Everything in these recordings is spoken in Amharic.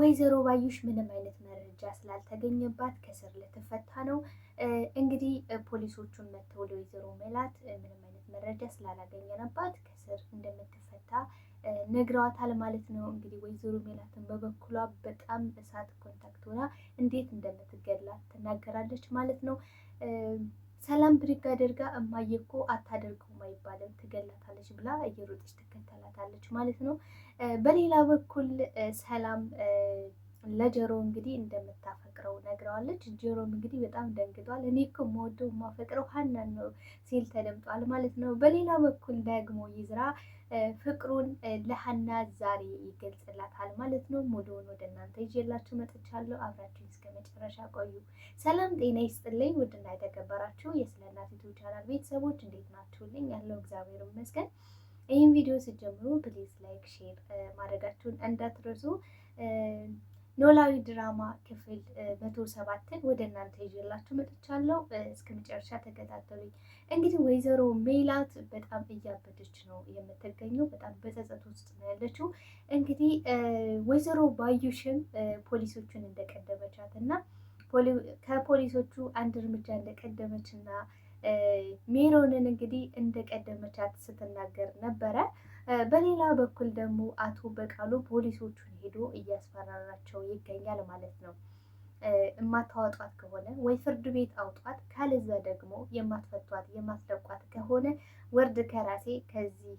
ወይዘሮ ባዩሽ ምንም አይነት መረጃ ስላልተገኘባት ከስር ልትፈታ ነው። እንግዲህ ፖሊሶቹን መጥተው ለወይዘሮ ሜላት ምንም አይነት መረጃ ስላላገኘነባት ከስር እንደምትፈታ ነግረዋታል ማለት ነው። እንግዲህ ወይዘሮ ሜላትን በበኩሏ በጣም እሳት ኮንታክት ሆና እንዴት እንደምትገላት ትናገራለች ማለት ነው። ሰላም ብድግ አድርጋ እማዬ እኮ አታደርገውም አይባልም ትገላታለች ብላ እየሮጠች ትከተላታለች ማለት ነው። በሌላ በኩል ሰላም ለጆሮ እንግዲህ እንደምታፈቅረው ነግረዋለች። ጆሮም እንግዲህ በጣም ደንግጧል። እኔ እኮ የምወደው የማፈቅረው ሀናን ነው ሲል ተደምጧል ማለት ነው። በሌላ በኩል ደግሞ ይዝራ ፍቅሩን ለሀና ዛሬ ይገልጽላታል ማለት ነው። ሙሉውን ወደ እናንተ ይዤላችሁ መጥቻለሁ። አብራችሁ እስከ መጨረሻ ቆዩ። ሰላም ጤና ይስጥልኝ። ውድና የተከበራችሁ እናት ዩቱብ ቻናል ቤተሰቦች እንዴት ናችሁልኝ? ያለው እግዚአብሔር ይመስገን። ይህም ቪዲዮ ስጀምሩ ፕሊዝ ላይክ፣ ሼር ማድረጋችሁን እንዳትረሱ ኖላዊ ድራማ ክፍል መቶ ሰባትን ወደ እናንተ ይዤላችሁ መጥቻለሁ። እስከ መጨረሻ ተከታተሉኝ። እንግዲህ ወይዘሮ ሜላት በጣም እያበደች ነው የምትገኘው። በጣም በጸጸት ውስጥ ነው ያለችው። እንግዲህ ወይዘሮ ባዩሽም ፖሊሶቹን እንደቀደመቻት እና ከፖሊሶቹ አንድ እርምጃ እንደቀደመች እና ሜሮንን እንግዲህ እንደቀደመቻት ስትናገር ነበረ። በሌላ በኩል ደግሞ አቶ በቃሉ ፖሊሶቹን ሄዶ እያስፈራራቸው ይገኛል ማለት ነው። የማታወጧት ከሆነ ወይ ፍርድ ቤት አውጧት፣ ካለዛ ደግሞ የማትፈቷት የማትለቋት ከሆነ ወርድ ከራሴ ከዚህ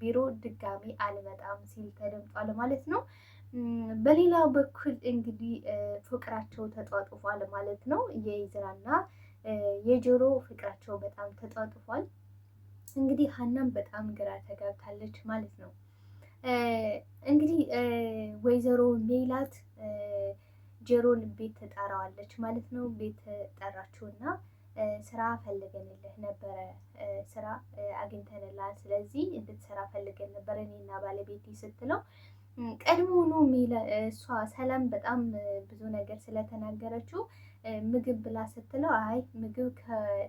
ቢሮ ድጋሚ አልመጣም ሲል ተደምጧል ማለት ነው። በሌላ በኩል እንግዲህ ፍቅራቸው ተጧጡፏል ማለት ነው። የኢዝራና የጆሮ ፍቅራቸው በጣም ተጧጡፏል። እንግዲህ ሀናም በጣም ግራ ተጋብታለች ማለት ነው። እንግዲህ ወይዘሮ ሜላት ጀሮን ቤት ትጠራዋለች ማለት ነው። ቤት ጠራችውና ስራ ፈልገንልህ ነበረ፣ ስራ አግኝተንልሃል፣ ስለዚህ እንድትሰራ ፈልገን ነበረ እኔና ባለቤቴ ስትለው ቀድሞውኑ እሷ ሰላም በጣም ብዙ ነገር ስለተናገረችው ምግብ ብላ ስትለው አይ ምግብ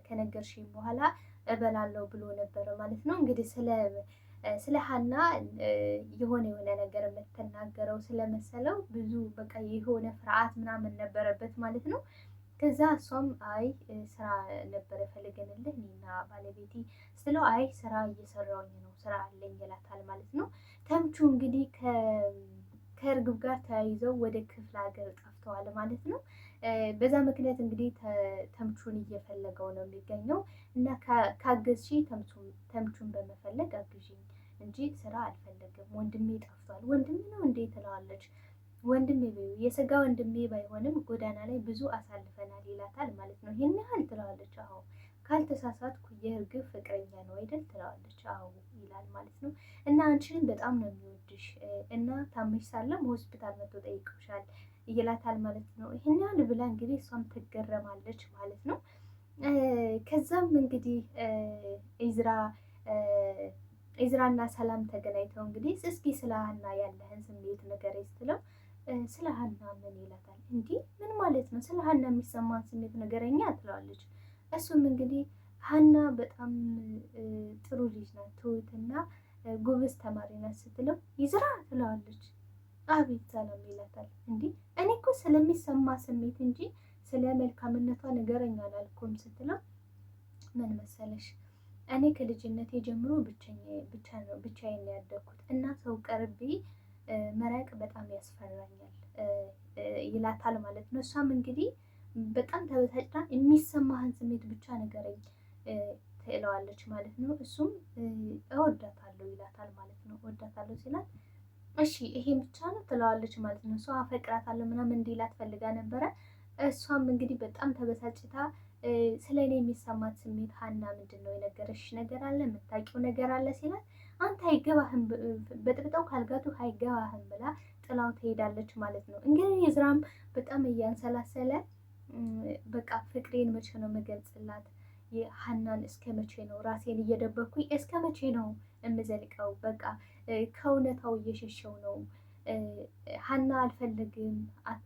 ከነገርሽኝ በኋላ እበላለሁ ብሎ ነበረ ማለት ነው። እንግዲህ ስለ ሀና የሆነ የሆነ ነገር የምትናገረው ስለመሰለው ብዙ በቃ የሆነ ፍርሃት ምናምን ነበረበት ማለት ነው። ከዛ እሷም አይ ስራ ነበረ ፈልገንልህ እኔና ባለቤቴ ስለው አይ ስራ እየሰራውኝ ነው ስራ አለኝ ይላታል ማለት ነው። ተምቹ እንግዲህ ከእርግብ ጋር ተያይዘው ወደ ክፍለ ሀገር ጠፍተዋል ማለት ነው። በዛ ምክንያት እንግዲህ ተምቹን እየፈለገው ነው የሚገኘው እና ካገዝሽ ተምቹን በመፈለግ አግዥኝ እንጂ ስራ አልፈለግም። ወንድሜ ጠፍቷል። ወንድሜ ነው እንዴ ትለዋለች። ወንድሜ የስጋ ወንድሜ ባይሆንም ጎዳና ላይ ብዙ አሳልፈናል ይላታል ማለት ነው። ይህን ያህል ትለዋለች። አዎ ካልተሳሳትኩ የእርግብ ፍቅረኛ ነው አይደል ትለዋለች። አዎ ይላል ማለት ነው። እና አንቺን በጣም ነው የሚወድሽ እና ታመሽ ሳለም ሆስፒታል መጥቶ ጠይቅሻል ይላታል ማለት ነው። ይህን ያህል ብላ እንግዲህ እሷም ትገረማለች ማለት ነው። ከዛም እንግዲህ ኢዝራ ኢዝራና ሰላም ተገናኝተው እንግዲህ እስኪ ስለ ሀና ያለህን ስሜት ነገር ስትለው ስለ ሀና ምን ይላታል። እንዲህ ምን ማለት ነው ስለ ሀና የሚሰማን ስሜት ነገረኛ ትለዋለች። እሱም እንግዲህ ሀና በጣም ጥሩ ልጅ ናት፣ ትሁትና ጉብዝ ተማሪ ናት ስትለው ይዝራ ትለዋለች። አቤት ሰላም ይላታል። እንዴ እኔ እኮ ስለሚሰማ ስሜት እንጂ ስለ መልካምነቷ ንገረኝ አላልኩም ስትለው ምን መሰለሽ እኔ ከልጅነቴ ጀምሮ ብቻዬን ነው ያደግኩት እና ሰው ቀርቤ መራቅ በጣም ያስፈራኛል ይላታል ማለት ነው። እሷም እንግዲህ በጣም ተበሳጭታ የሚሰማህን ስሜት ብቻ ንገረኝ ትለዋለች ማለት ነው። እሱም እወዳታለሁ ይላታል ማለት ነው። እወዳታለሁ ሲላት እሺ ይሄ ብቻ ነው ትለዋለች ማለት ነው። እሷ አፈቅራታለሁ ምናምን እንዲላት ፈልጋ ነበረ። እሷም እንግዲህ በጣም ተበሳጭታ ስለ እኔ የሚሰማት ስሜት ሀና ምንድን ነው የነገረሽ ነገር አለ የምታውቂው ነገር አለ ሲላት፣ አንተ አይገባህም በጥብጠው ካልጋቱ አይገባህም ብላ ጥላው ትሄዳለች ማለት ነው። እንግዲህ የዝራም በጣም እያንሰላሰለ በቃ ፍቅሬን መቼ ነው መገልጽላት ሀናን እስከ መቼ ነው ራሴን እየደበኩኝ እስከ መቼ ነው የምዘልቀው? በቃ ከእውነታው እየሸሸው ነው። ሀና አልፈልግም፣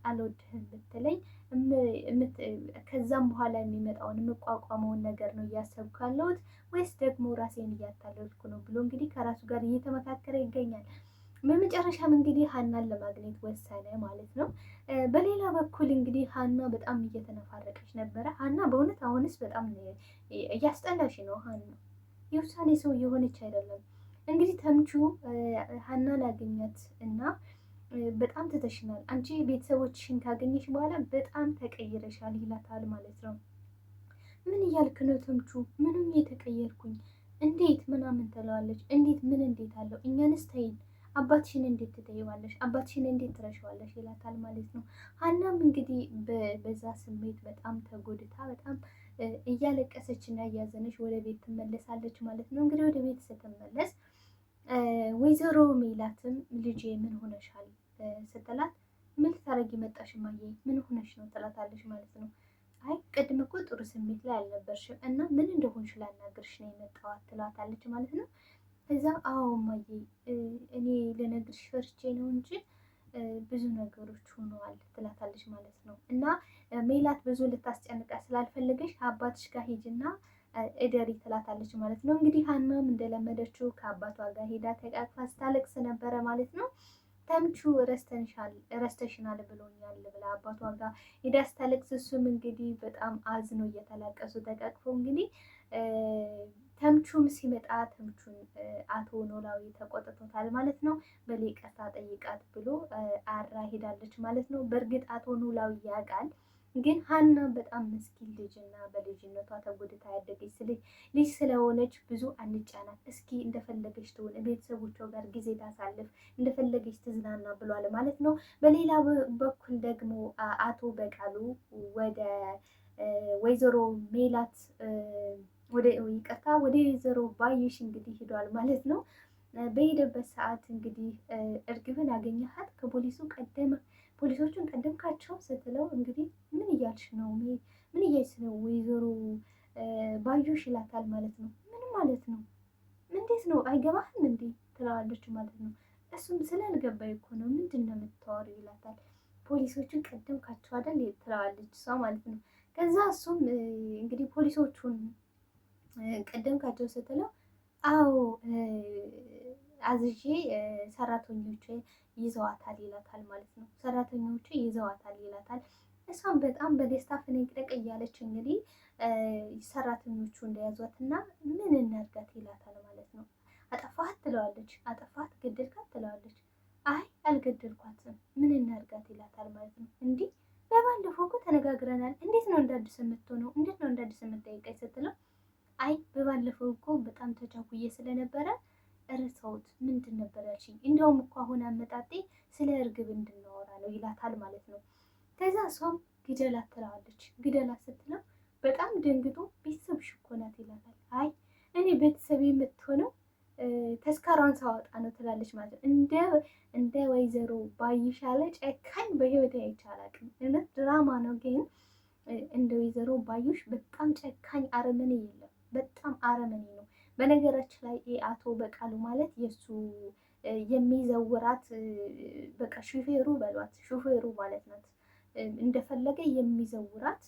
አልወድህም ብትለኝ ከዛም በኋላ የሚመጣውን የምቋቋመውን ነገር ነው እያሰብኩ ያለሁት ወይስ ደግሞ ራሴን እያታለልኩ ነው ብሎ እንግዲህ ከራሱ ጋር እየተመካከረ ይገኛል። በመጨረሻም እንግዲህ ሀናን ለማግኘት ወሰነ ማለት ነው። በሌላ በኩል እንግዲህ ሀና በጣም እየተነፋረቀች ነበረ። ሀና በእውነት አሁንስ በጣም እያስጠላሽ ነው። ሀና የውሳኔ ሰው እየሆነች አይደለም። እንግዲህ ተምቹ ሀና ላገኘት እና በጣም ትተሽናል፣ አንቺ ቤተሰቦችሽን ካገኘሽ በኋላ በጣም ተቀይረሻል ይላታል ማለት ነው። ምን እያልክ ነው ተምቹ? ምንም የተቀየርኩኝ እንዴት ምናምን ትለዋለች። እንዴት ምን እንዴት አለው እኛንስ ተይን አባትሽን እንዴት ትጠይዋለሽ? አባትሽን እንዴት ትረሻዋለሽ? ይላታል ማለት ነው። ሀናም እንግዲህ በዛ ስሜት በጣም ተጎድታ በጣም እያለቀሰች እና እያዘነች ወደ ቤት ትመለሳለች ማለት ነው። እንግዲህ ወደ ቤት ስትመለስ ወይዘሮ ሜላትም ልጄ ምን ሆነሻል ስትላት ምን ታረጊ መጣሽ ማየ ምን ሆነሽ ነው ትላታለች ማለት ነው። አይ ቅድም እኮ ጥሩ ስሜት ላይ አልነበርሽም እና ምን እንደሆንሽ ላናግርሽ ነው የመጣኋት ትላታለች ማለት ነው። ከዛ አዎ እማዬ እኔ ለነግርሽ ፈርቼ ነው እንጂ ብዙ ነገሮች ሆነዋል ትላታለች ማለት ነው። እና ሜላት ብዙ ልታስጨንቃ ስላልፈለገች ከአባትሽ ጋር ሂጅና እደሪ ትላታለች ማለት ነው። እንግዲህ ሀናም እንደለመደችው ከአባቷ ጋር ሄዳ ተቃቅፋ ስታለቅስ ነበረ ማለት ነው። ተምቹ ረስተሽናል ብሎኛል ብላ አባቷ ጋር ሄዳ ስታለቅስ እሱም እንግዲህ በጣም አዝኖ እየተላቀሱ ተቃቅፎ እንግዲህ ተምቹም ሲመጣ ተምቹን አቶ ኖላዊ ተቆጥቶታል ማለት ነው። በል ጠይቃት ብሎ አራ ሄዳለች ማለት ነው። በእርግጥ አቶ ኖላዊ ያውቃል፣ ግን ሀና በጣም ምስኪን ልጅና በልጅነቷ ተጎድታ ያደገች ስልጅ ልጅ ስለሆነች ብዙ አንጫናት፣ እስኪ እንደፈለገች ትሆን፣ ቤተሰቦቿ ጋር ጊዜ ታሳልፍ፣ እንደፈለገች ትዝናና ብሏል ማለት ነው። በሌላ በኩል ደግሞ አቶ በቃሉ ወደ ወይዘሮ ሜላት ወደ ይቅርታ ወደ ወይዘሮ ባዩሽ እንግዲህ ሂዷል ማለት ነው። በሄደበት ሰዓት እንግዲህ እርግብን አገኘሃት ከፖሊሱ ቀደም ፖሊሶቹን ቀደምካቸው ስትለው እንግዲህ ምን እያልሽ ነው? ምን እያልሽ ነው ወይዘሮ ባዩሽ ይላታል ማለት ነው። ምን ማለት ነው? እንዴት ነው አይገባህም እንዴ ትለዋለች ማለት ነው። እሱም ስላልገባኝ እኮ ነው ምንድን ነው ይላታል። ፖሊሶቹን ቀደምካቸው አይደል ትለዋለች እሷ ማለት ነው። ከዛ እሱም እንግዲህ ፖሊሶቹን ቀደምካቸው ስትለው አዎ አዝዤ ሰራተኞቹ ይዘዋታል ይላታል ማለት ነው። ሰራተኞቹ ይዘዋታል ይላታል። እሷም በጣም በደስታ ፍንቅቅ እያለች እንግዲህ ሰራተኞቹ እንደያዟት እና ምን እናድጋት ይላታል ማለት ነው። አጠፋት ትለዋለች። አጠፋት ገደልካት ትለዋለች። አይ አልገደልኳትም፣ ምን እናድጋት ይላታል ማለት ነው። እንዲህ በባለፈው እኮ ተነጋግረናል፣ እንዴት ነው እንዳዲስ የምትሆነው? እንዴት ነው እንዳዲስ የምትጠይቀኝ? ቸኩዬ ስለነበረ እርሰውት ምንድን ነበር ያልሽኝ? እንዲያውም እኮ አሁን አመጣጤ ስለ እርግብ እንድናወራ ነው ይላታል ማለት ነው። ከዛ እሷም ግደላት ትለዋለች። ግደላት ስትለው በጣም ደንግጦ ቤተሰብሽ እኮ ናት ይላታል። አይ እኔ ቤተሰብ የምትሆነው ተስካሯን ሳወጣ ነው ትላለች ማለት ነው። እንደ እንደ ወይዘሮ ባይሽ ጨካኝ በህይወት አይቼ አላውቅም። እውነት ድራማ ነው ግን እንደ ወይዘሮ ባዩሽ በጣም ጨካኝ አረመኔ የለም። በጣም አረመኔ ነው። በነገራችን ላይ አቶ በቃሉ ማለት የእሱ የሚዘውራት በቃ ሹፌሩ በሏት ሹፌሩ ማለት ናት። እንደፈለገ የሚዘውራት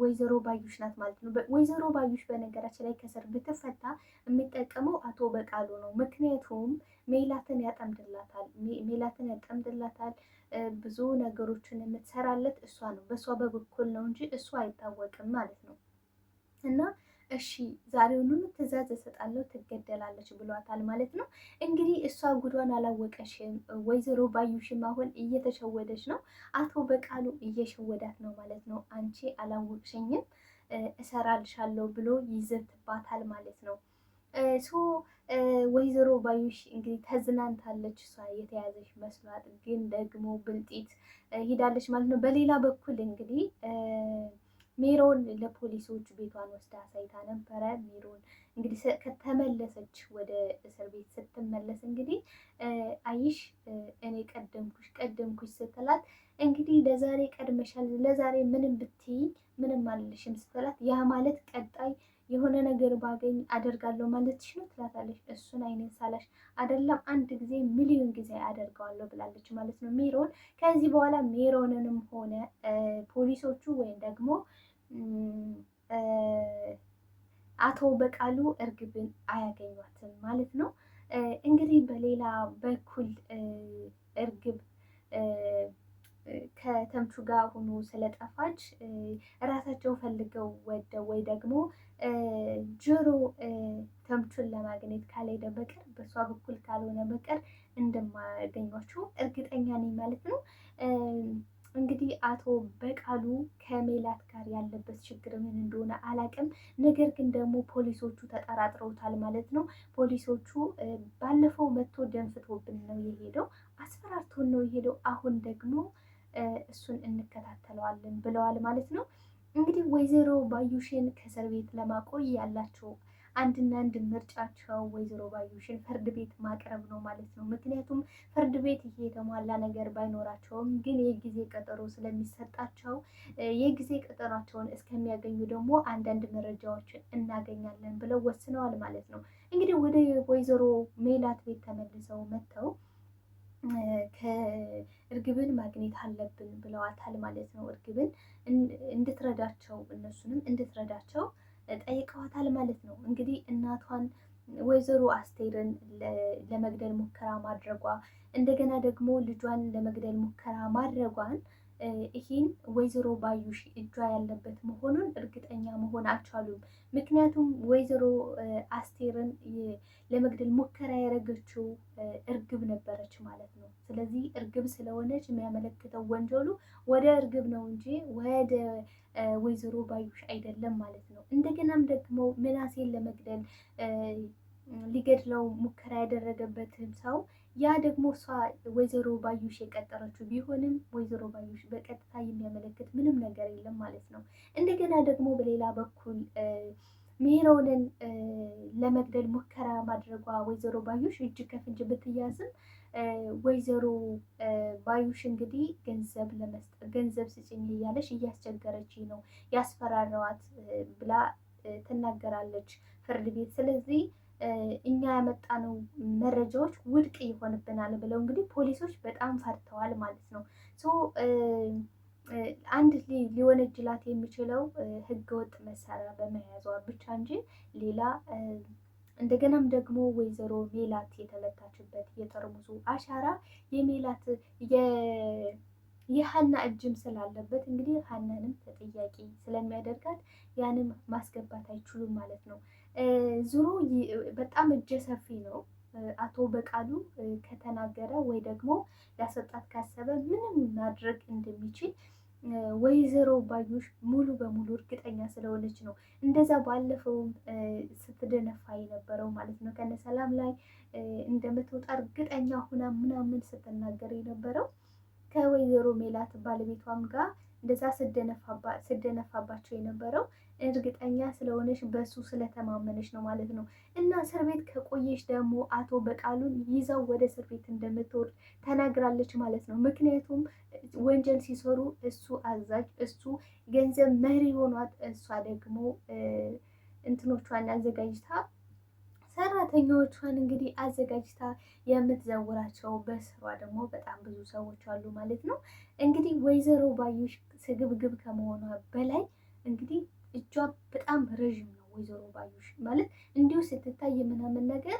ወይዘሮ ባዩሽ ናት ማለት ነው። ወይዘሮ ባዩሽ በነገራችን ላይ ከስር ብትፈታ የሚጠቀመው አቶ በቃሉ ነው። ምክንያቱም ሜላትን ያጠምድላታል፣ ሜላትን ያጠምድላታል። ብዙ ነገሮችን የምትሰራለት እሷ ነው። በእሷ በበኩል ነው እንጂ እሱ አይታወቅም ማለት ነው እና እሺ ዛሬውንም ትዕዛዝ እሰጣለሁ ትገደላለች ብሏታል ማለት ነው። እንግዲህ እሷ ጉዷን አላወቀሽም። ወይዘሮ ባዩሽም አሁን እየተሸወደች ነው። አቶ በቃሉ እየሸወዳት ነው ማለት ነው። አንቺ አላወቅሽኝም እሰራልሻለሁ ብሎ ይዘትባታል ማለት ነው። ሶ ወይዘሮ ባዩሽ እንግዲህ ተዝናንታለች። እሷ የተያዘች መስሏት ግን ደግሞ ብልጢት ሂዳለች ማለት ነው። በሌላ በኩል እንግዲህ ሜሮን ለፖሊሶች ቤቷን ወስዳ አሳይታ ነበረ። ሜሮን እንግዲህ ከተመለሰች ወደ እስር ቤት ስትመለስ እንግዲህ አይሽ እኔ ቀደምኩሽ ቀደምኩሽ ስትላት እንግዲህ ለዛሬ ቀድመሻል፣ ለዛሬ ምንም ብትይ ምንም አልልሽም ስትላት ያ ማለት ቀጣይ የሆነ ነገር ባገኝ አደርጋለሁ ማለትሽ ነው ትላታለች። እሱን አይነት ሳላሽ አይደለም አንድ ጊዜ ሚሊዮን ጊዜ አደርገዋለሁ ብላለች ማለት ነው ሜሮን። ከዚህ በኋላ ሜሮንንም ሆነ ፖሊሶቹ ወይም ደግሞ አቶ በቃሉ እርግብን አያገኟትም ማለት ነው። እንግዲህ በሌላ በኩል እርግብ ከተምቹ ጋር ሆኖ ስለጠፋች እራሳቸው ፈልገው ወደው ወይ ደግሞ ጆሮ ተምቹን ለማግኘት ካልሄደ በቀር በእሷ በኩል ካልሆነ በቀር እንደማያገኟቸው እርግጠኛ ነኝ ማለት ነው። እንግዲህ አቶ በቃሉ ከሜላት ጋር ያለበት ችግር ምን እንደሆነ አላቅም። ነገር ግን ደግሞ ፖሊሶቹ ተጠራጥረውታል ማለት ነው። ፖሊሶቹ ባለፈው መጥቶ ደንፍቶብን ነው የሄደው፣ አስፈራርቶን ነው የሄደው። አሁን ደግሞ እሱን እንከታተለዋለን ብለዋል ማለት ነው። እንግዲህ ወይዘሮ ባዩሽን ከእስር ቤት ለማቆይ ያላቸው አንድና አንድ ምርጫቸው ወይዘሮ ባዩሽን ፍርድ ቤት ማቅረብ ነው ማለት ነው። ምክንያቱም ፍርድ ቤት ይሄ የተሟላ ነገር ባይኖራቸውም ግን የጊዜ ቀጠሮ ስለሚሰጣቸው የጊዜ ቀጠሯቸውን እስከሚያገኙ ደግሞ አንዳንድ መረጃዎችን እናገኛለን ብለው ወስነዋል ማለት ነው። እንግዲህ ወደ ወይዘሮ ሜላት ቤት ተመልሰው መጥተው ከእርግብን ማግኘት አለብን ብለዋታል ማለት ነው። እርግብን እንድትረዳቸው እነሱንም እንድትረዳቸው ጠይቀዋታል ማለት ነው። እንግዲህ እናቷን ወይዘሮ አስቴርን ለመግደል ሙከራ ማድረጓ እንደገና ደግሞ ልጇን ለመግደል ሙከራ ማድረጓን ይህን ወይዘሮ ባዩሽ እጇ ያለበት መሆኑን እርግጠኛ መሆን አልቻሉም። ምክንያቱም ወይዘሮ አስቴርን ለመግደል ሙከራ ያደረገችው እርግብ ነበረች ማለት ነው። ስለዚህ እርግብ ስለሆነች የሚያመለክተው ወንጀሉ ወደ እርግብ ነው እንጂ ወደ ወይዘሮ ባዩሽ አይደለም ማለት ነው። እንደገናም ደግሞ ምናሴን ለመግደል ሊገድለው ሙከራ ያደረገበትን ሰው ያ ደግሞ እሷ ወይዘሮ ባዩሽ የቀጠረችው ቢሆንም ወይዘሮ ባዩሽ በቀጥታ የሚያመለክት ምንም ነገር የለም ማለት ነው። እንደገና ደግሞ በሌላ በኩል ሜሮንን ለመግደል ሙከራ ማድረጓ ወይዘሮ ባዩሽ እጅ ከፍንጅ ብትያዝም ወይዘሮ ባዩሽ እንግዲህ ገንዘብ ለመስጠት ገንዘብ ስጭኝ እያለች እያስቸገረች ነው ያስፈራረዋት ብላ ትናገራለች ፍርድ ቤት። ስለዚህ እኛ ያመጣነው መረጃዎች ውድቅ ይሆንብናል ብለው እንግዲህ ፖሊሶች በጣም ፈርተዋል ማለት ነው። አንድ ሊወነጅላት የሚችለው ህገወጥ መሳሪያ በመያዟ ብቻ እንጂ ሌላ እንደገናም ደግሞ ወይዘሮ ሜላት የተመታችበት የጠርሙሱ አሻራ የሜላት የሀና እጅም ስላለበት እንግዲህ ሀናንም ተጠያቂ ስለሚያደርጋት ያንም ማስገባት አይችሉም ማለት ነው። ዙሮ በጣም እጀ ሰፊ ነው። አቶ በቃሉ ከተናገረ ወይ ደግሞ ሊያስወጣት ካሰበ ምንም ማድረግ እንደሚችል ወይዘሮ ባዩሽ ሙሉ በሙሉ እርግጠኛ ስለሆነች ነው እንደዛ ባለፈው ስትደነፋ የነበረው ማለት ነው። ከነ ሰላም ላይ እንደምትወጣ እርግጠኛ ሁና ምናምን ስትናገር የነበረው ከወይዘሮ ሜላት ባለቤቷም ጋር እንደዛ ስደነፋባቸው የነበረው እርግጠኛ ስለሆነሽ በሱ ስለተማመነች ነው ማለት ነው። እና እስር ቤት ከቆየሽ ደግሞ አቶ በቃሉን ይዛው ወደ እስር ቤት እንደምትወርድ ተናግራለች ማለት ነው። ምክንያቱም ወንጀል ሲሰሩ እሱ አዛዥ፣ እሱ ገንዘብ መሪ ሆኗት፣ እሷ ደግሞ እንትኖቿን አዘጋጅታ ሰራተኞቿን እንግዲህ አዘጋጅታ የምትዘውራቸው በስሯ ደግሞ በጣም ብዙ ሰዎች አሉ ማለት ነው። እንግዲህ ወይዘሮ ባዩሽ ስግብግብ ከመሆኗ በላይ እንግዲህ እጇ በጣም ረዥም ነው ወይዘሮ ባዩሽ ማለት እንዲሁ ስትታይ ምናምን ነገር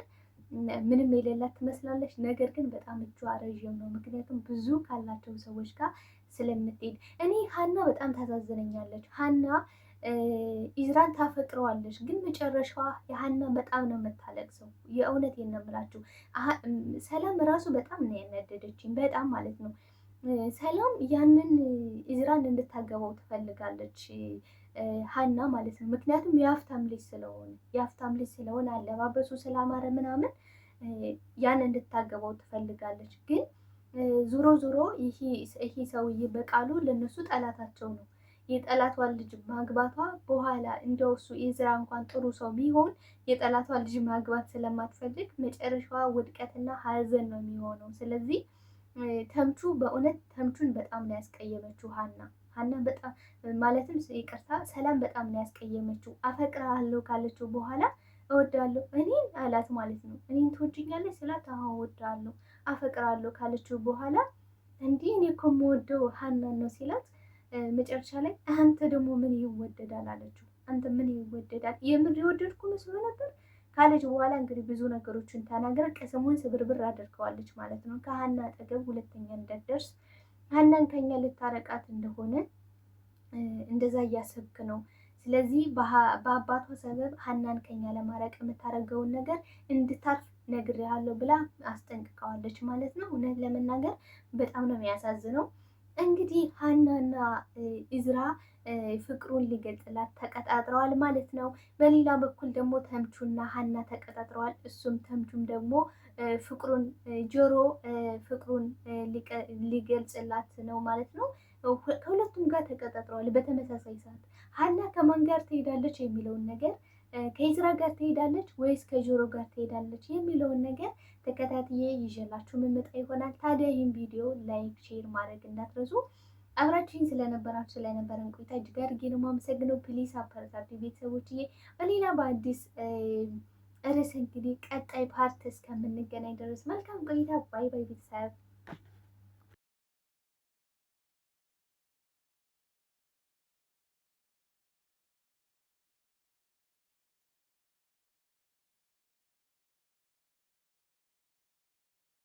ምንም የሌላት ትመስላለች። ነገር ግን በጣም እጇ ረዥም ነው። ምክንያቱም ብዙ ካላቸው ሰዎች ጋር ስለምትሄድ እኔ ሀና በጣም ታሳዝነኛለች። ሀና ኢዝራን ታፈቅረዋለች፣ ግን መጨረሻዋ የሀና በጣም ነው የምታለቅሰው። የእውነት ነው ሰላም ራሱ በጣም ነው ያናደደችኝ፣ በጣም ማለት ነው። ሰላም ያንን ኢዝራን እንድታገባው ትፈልጋለች ሀና ማለት ነው። ምክንያቱም የሀብታም ልጅ ስለሆነ የሀብታም ልጅ ስለሆነ አለባበሱ ስላማረ ምናምን ያን እንድታገባው ትፈልጋለች። ግን ዞሮ ዞሮ ይሄ ሰውዬ በቃሉ ለነሱ ጠላታቸው ነው። የጠላቷን ልጅ ማግባቷ በኋላ እንደው እሱ የዝራ እንኳን ጥሩ ሰው ቢሆን የጠላቷን ልጅ ማግባት ስለማትፈልግ መጨረሻዋ ውድቀትና ሀዘን ነው የሚሆነው። ስለዚህ ተምቹ በእውነት ተምቹን በጣም ነው ያስቀየመችው ሀና። ሀና በጣም ማለትም ይቅርታ ሰላም በጣም ነው ያስቀየመችው። አፈቅርሃለሁ ካለችው በኋላ እወዳለሁ እኔን አላት ማለት ነው። እኔን ትወድኛለች ስላት አሁን እወዳለሁ አፈቅራለሁ ካለችው በኋላ እንዲህ እኔ እኮ የምወደው ሀናን ነው ሲላት መጨረሻ ላይ አንተ ደግሞ ምን ይወደዳል አለችው። አንተ ምን ይወደዳል የምር የወደድኩ መስሎ ነበር ካለች በኋላ እንግዲህ ብዙ ነገሮችን ተናግራ ቀሰሙን ስብርብር አድርገዋለች ማለት ነው። ከሀና አጠገብ ሁለተኛ እንዳትደርስ ሀናን ከኛ ልታረቃት እንደሆነ እንደዛ እያሰብክ ነው። ስለዚህ በአባቷ ሰበብ ሀናን ከኛ ለማረቅ የምታደርገውን ነገር እንድታርፍ ነግሬሃለሁ ብላ አስጠንቅቀዋለች ማለት ነው። እውነት ለመናገር በጣም ነው የሚያሳዝነው። እንግዲህ ሀናና እዝራ ፍቅሩን ሊገልጽላት ተቀጣጥረዋል ማለት ነው። በሌላ በኩል ደግሞ ተምቹና ሀና ተቀጣጥረዋል። እሱም ተምቹም ደግሞ ፍቅሩን ጆሮ ፍቅሩን ሊገልጽላት ነው ማለት ነው። ከሁለቱም ጋር ተቀጣጥረዋል። በተመሳሳይ ሰዓት ሀና ከማን ጋር ትሄዳለች የሚለውን ነገር ከኢዝራ ጋር ትሄዳለች ወይስ ከጆሮ ጋር ትሄዳለች የሚለውን ነገር ተከታትዬ ይዤላችሁ መመጣ ይሆናል። ታዲያ ይህን ቪዲዮ ላይክ፣ ሼር ማድረግ እንዳትረሱ። አብራችሁን ስለነበራችሁ ስለነበረን ቆይታ እጅግ አድርጌ ነው የማመሰግነው። ፕሊስ አበረታቱ ቤተሰቦችዬ። በሌላ በአዲስ ርዕስ እንግዲህ ቀጣይ ፓርት እስከምንገናኝ ድረስ መልካም ቆይታ። ባይ ባይ ቤተሰብ።